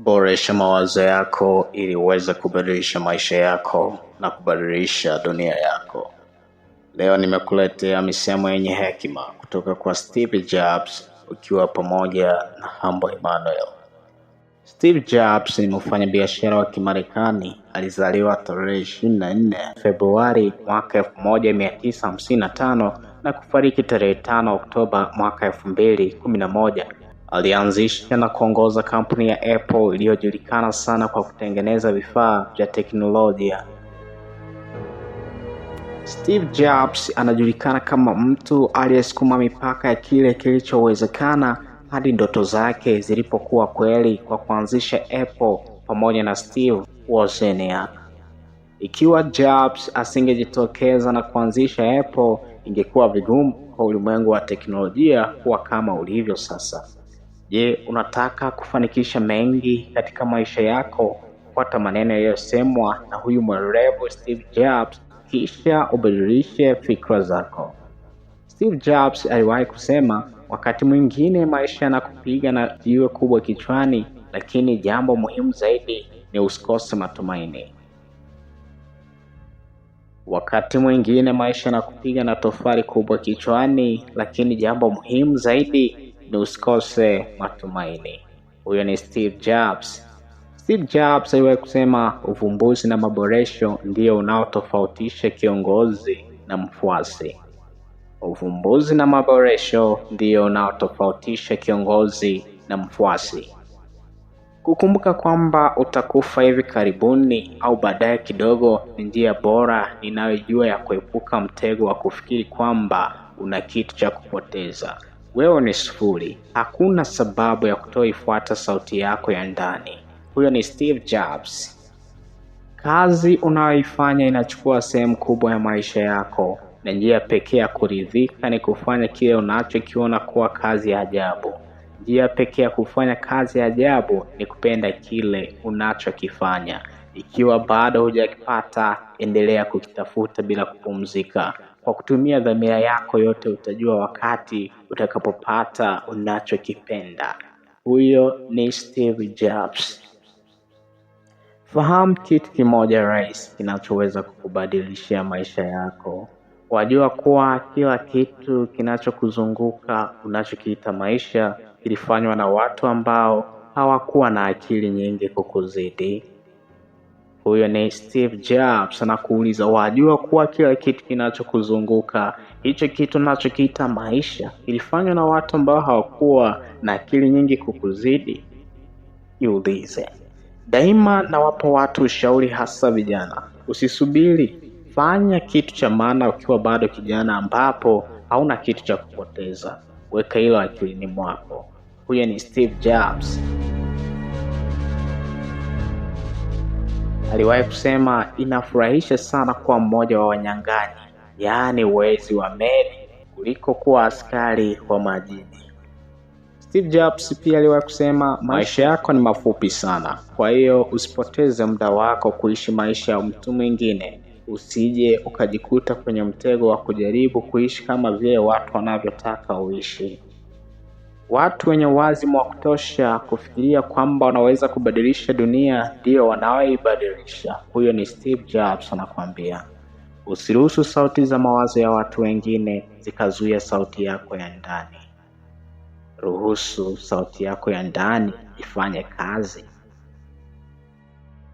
Boresha mawazo yako ili uweze kubadilisha maisha yako na kubadilisha dunia yako. Leo nimekuletea misemo yenye hekima kutoka kwa Steve Jobs ukiwa pamoja na hambo Emmanuel. Steve Jobs ni mfanyabiashara wa Kimarekani, alizaliwa tarehe 24 Februari mwaka 1955 na kufariki tarehe 5 Oktoba mwaka 211 Alianzisha na kuongoza kampuni ya Apple iliyojulikana sana kwa kutengeneza vifaa vya teknolojia. Steve Jobs anajulikana kama mtu aliyesukuma mipaka ya kile kilichowezekana hadi ndoto zake zilipokuwa kweli kwa kuanzisha Apple pamoja na Steve Wozniak. Ikiwa Jobs asingejitokeza na kuanzisha Apple, ingekuwa vigumu kwa ulimwengu wa teknolojia kuwa kama ulivyo sasa. Je, unataka kufanikisha mengi katika maisha yako? Fuata maneno yaliyosemwa na huyu mwerevu Steve Jobs, kisha ubadilishe fikra zako. Steve Jobs aliwahi kusema, wakati mwingine maisha yanakupiga na jiwe kubwa kichwani, lakini jambo muhimu zaidi ni usikose matumaini. Wakati mwingine maisha yanakupiga na tofali kubwa kichwani, lakini jambo muhimu zaidi ni usikose matumaini. Huyo ni Steve Jobs. Steve Jobs aliwahi kusema uvumbuzi na maboresho ndio unaotofautisha kiongozi na mfuasi. Uvumbuzi na maboresho ndio unaotofautisha kiongozi na mfuasi. Kukumbuka kwamba utakufa hivi karibuni au baadaye kidogo ni njia bora ninayojua ya kuepuka mtego wa kufikiri kwamba una kitu cha kupoteza. Wewe ni sifuri, hakuna sababu ya kutoifuata sauti yako ya ndani. Huyo ni Steve Jobs. Kazi unayoifanya inachukua sehemu kubwa ya maisha yako, na njia pekee ya kuridhika ni kufanya kile unachokiona kuwa kazi ya ajabu. Njia pekee ya kufanya kazi ya ajabu ni kupenda kile unachokifanya. Ikiwa bado hujakipata, endelea kukitafuta bila kupumzika. Kwa kutumia dhamira yako yote utajua wakati utakapopata unachokipenda. Huyo ni Steve Jobs. Fahamu kitu kimoja rais kinachoweza kukubadilishia maisha yako. Wajua kuwa kila kitu kinachokuzunguka unachokiita maisha kilifanywa na watu ambao hawakuwa na akili nyingi kukuzidi. Huyo ni Steve Jobs anakuuliza, wajua kuwa kila kitu kinachokuzunguka hicho kitu nachokiita maisha ilifanywa na watu ambao hawakuwa na akili nyingi kukuzidi? Jiulize daima. Nawapa watu ushauri, hasa vijana, usisubiri, fanya kitu cha maana ukiwa bado kijana, ambapo hauna kitu cha kupoteza. Weka hilo akilini mwako. Huyo ni Steve Jobs. aliwahi kusema inafurahisha sana kuwa mmoja wa wanyang'anyi, yaani wezi wa meli, kuliko kuwa askari wa majini. Steve Jobs pia aliwahi kusema maisha yako ni mafupi sana, kwa hiyo usipoteze muda wako kuishi maisha ya mtu mwingine, usije ukajikuta kwenye mtego wa kujaribu kuishi kama vile watu wanavyotaka uishi. Watu wenye wazimu wa kutosha kufikiria kwamba wanaweza kubadilisha dunia ndio wanaoibadilisha. Huyo ni Steve Jobs anakuambia. Usiruhusu sauti za mawazo ya watu wengine zikazuia sauti yako ya ndani. Ruhusu sauti yako ya ndani ifanye kazi.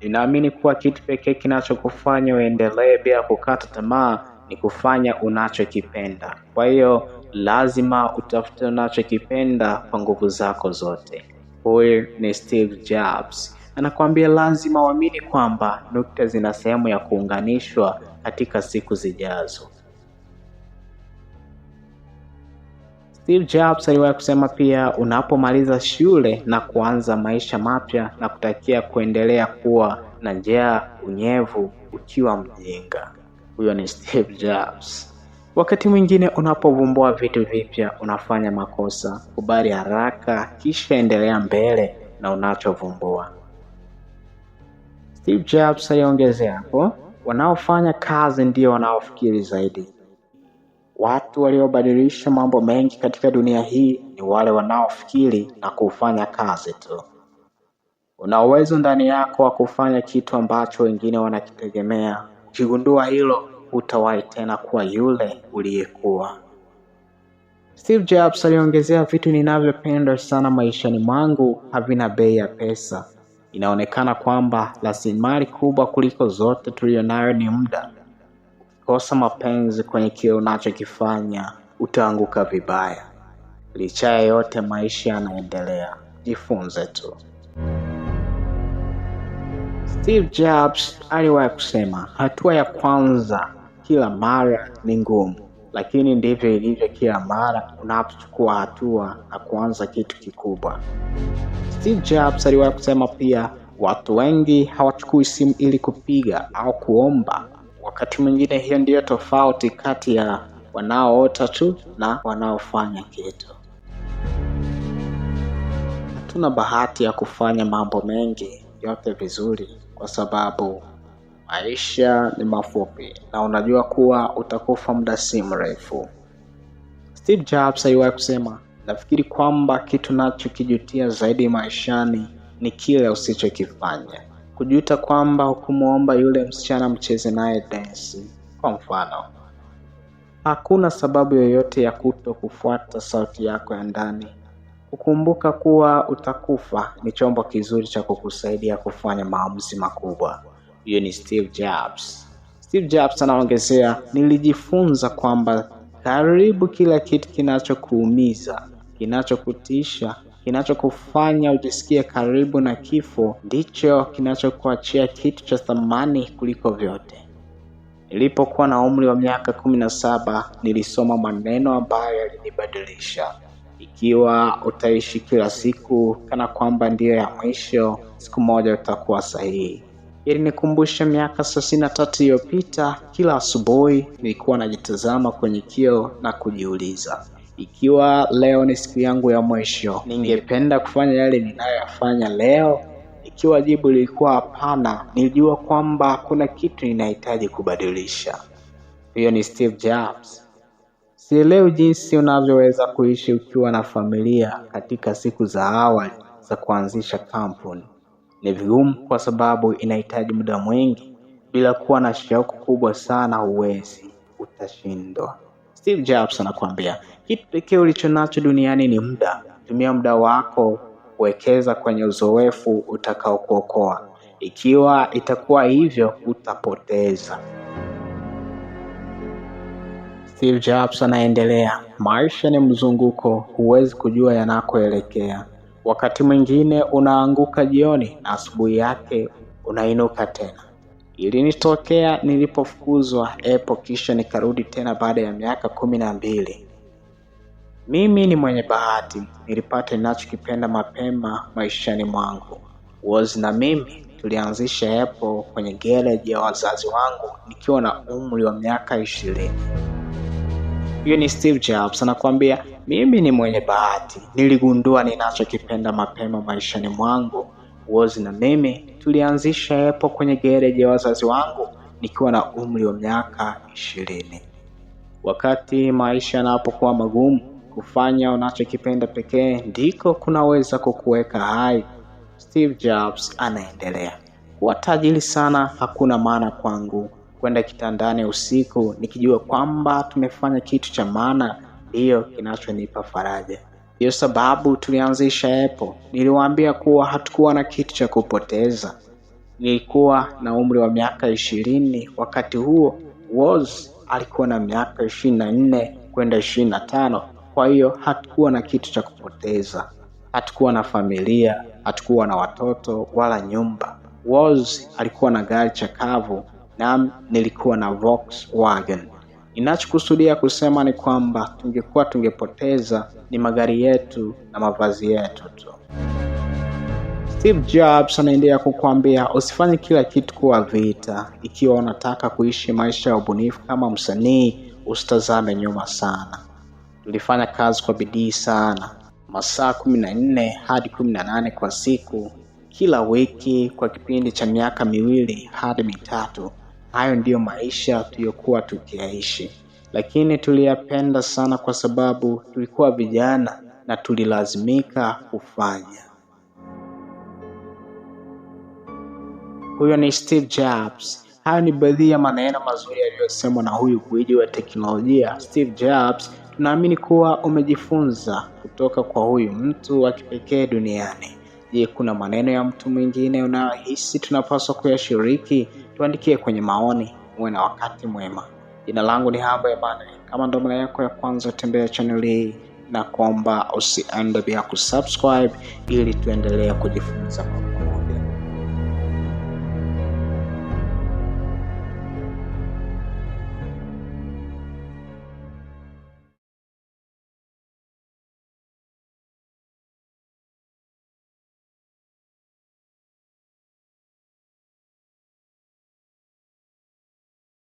Ninaamini kuwa kitu pekee kinachokufanya uendelee bila kukata tamaa ni kufanya unachokipenda. Kwa hiyo lazima utafute unachokipenda kwa nguvu zako zote. Huyu ni Steve Jobs anakuambia lazima uamini kwamba nukta zina sehemu ya kuunganishwa katika siku zijazo. Steve Jobs aliwahi kusema pia, unapomaliza shule na kuanza maisha mapya na kutakia kuendelea kuwa na njaa, unyevu, ukiwa mjinga. Huyo ni Steve Jobs. Wakati mwingine unapovumbua vitu vipya unafanya makosa, kubali haraka, kisha endelea mbele na unachovumbua. Steve Jobs aliongezea hapo, wanaofanya kazi ndio wanaofikiri zaidi. Watu waliobadilisha mambo mengi katika dunia hii ni wale wanaofikiri na kufanya kazi tu. Una uwezo ndani yako wa kufanya kitu ambacho wengine wanakitegemea. Ukigundua hilo hutawahi tena kuwa yule uliyekuwa. Steve Jobs aliongezea, vitu ninavyopenda sana maishani mwangu havina bei ya pesa. Inaonekana kwamba rasilimali kubwa kuliko zote tuliyonayo ni muda. Kosa mapenzi kwenye kile unachokifanya utaanguka vibaya. Licha ya yote, maisha yanaendelea, jifunze tu. Steve Jobs aliwahi kusema, hatua ya kwanza kila mara ni ngumu, lakini ndivyo ilivyo kila mara unapochukua hatua na kuanza kitu kikubwa. Steve Jobs aliwahi kusema pia, watu wengi hawachukui simu ili kupiga au kuomba. Wakati mwingine hiyo ndiyo tofauti kati ya wanaoota tu na wanaofanya kitu. Hatuna bahati ya kufanya mambo mengi yote vizuri, kwa sababu maisha ni mafupi na unajua kuwa utakufa muda si mrefu. Steve Jobs aliwahi kusema, nafikiri kwamba kitu nachokijutia zaidi maishani ni kile usichokifanya. Kujuta kwamba hukumwomba yule msichana mcheze naye densi, kwa mfano. Hakuna sababu yoyote ya kuto kufuata sauti yako ya ndani. Kukumbuka kuwa utakufa ni chombo kizuri cha kukusaidia kufanya maamuzi makubwa. Huyo ni Steve Jobs. Steve Jobs anaongezea, nilijifunza kwamba karibu kila kitu kinachokuumiza, kinachokutisha, kinachokufanya ujisikie karibu na kifo ndicho kinachokuachia kitu cha thamani kuliko vyote. Nilipokuwa na umri wa miaka kumi na saba nilisoma maneno ambayo yalinibadilisha. Ikiwa utaishi kila siku kana kwamba ndiyo ya mwisho, siku moja utakuwa sahihi. Ilinikumbusha miaka thelathini na tatu iliyopita, kila asubuhi nilikuwa najitazama kwenye kioo na kujiuliza ikiwa leo ni siku yangu ya mwisho, ningependa kufanya yale ninayoyafanya leo? Ikiwa jibu lilikuwa hapana, nilijua kwamba kuna kitu ninahitaji kubadilisha. Huyo ni Steve Jobs. Sielewi jinsi unavyoweza kuishi ukiwa na familia katika siku za awali za kuanzisha kampuni ni vigumu kwa sababu inahitaji muda mwingi. Bila kuwa na shauku kubwa sana, huwezi, utashindwa. Steve Jobs anakuambia kitu pekee ulicho nacho duniani ni muda. Tumia muda wako kuwekeza kwenye uzoefu utakaokuokoa. Ikiwa itakuwa hivyo, utapoteza. Steve Jobs anaendelea, maisha ni mzunguko, huwezi kujua yanakoelekea. Wakati mwingine unaanguka jioni na asubuhi yake unainuka tena. Ilinitokea nilipofukuzwa epo, kisha nikarudi tena baada ya miaka kumi na mbili. Mimi ni mwenye bahati, nilipata ninachokipenda mapema maishani mwangu. wozi na mimi tulianzisha epo kwenye gereji ya wazazi wangu nikiwa na umri wa miaka ishirini. Huyo ni Steve Jobs anakuambia, mimi ni mwenye bahati, niligundua ninachokipenda mapema maishani mwangu. wozi na mimi tulianzisha Apple kwenye gereji ya wazazi wangu nikiwa na umri wa miaka ishirini. Wakati maisha yanapokuwa magumu, kufanya unachokipenda pekee ndiko kunaweza kukuweka hai. Steve Jobs anaendelea. Kuwa tajiri sana hakuna maana kwangu kwenda kitandani usiku nikijua kwamba tumefanya kitu cha maana, ndiyo kinachonipa faraja. Ndiyo sababu tulianzisha Apple. Niliwaambia kuwa hatukuwa na kitu cha kupoteza. Nilikuwa na umri wa miaka ishirini wakati huo, was alikuwa na miaka ishirini na nne kwenda ishirini na tano. Kwa hiyo hatukuwa na kitu cha kupoteza, hatukuwa na familia, hatukuwa na watoto wala nyumba. was alikuwa na gari chakavu Naam, nilikuwa na Volkswagen. Ninachokusudia kusema ni kwamba tungekuwa tungepoteza ni magari yetu na mavazi yetu tu. Steve Jobs anaendelea kukwambia usifanye kila kitu kuwa vita. Ikiwa unataka kuishi maisha ya ubunifu kama msanii, usitazame nyuma sana. Tulifanya kazi kwa bidii sana, masaa kumi na nne hadi kumi na nane kwa siku, kila wiki, kwa kipindi cha miaka miwili hadi mitatu. Hayo ndiyo maisha tuliyokuwa tukiyaishi, lakini tuliyapenda sana kwa sababu tulikuwa vijana na tulilazimika kufanya. Huyo ni Steve Jobs. Hayo ni baadhi ya maneno mazuri yaliyosemwa na huyu gwiji wa teknolojia Steve Jobs. Tunaamini kuwa umejifunza kutoka kwa huyu mtu wa kipekee duniani. Je, kuna maneno ya mtu mwingine unayohisi tunapaswa kuyashiriki? tuandikie kwenye maoni. Uwe na wakati mwema. Jina langu ni hapo Emmanuel. Kama ndo mara yako ya kwanza tembea channel hii, na kuomba usiende bila kusubscribe ili tuendelee kujifunza.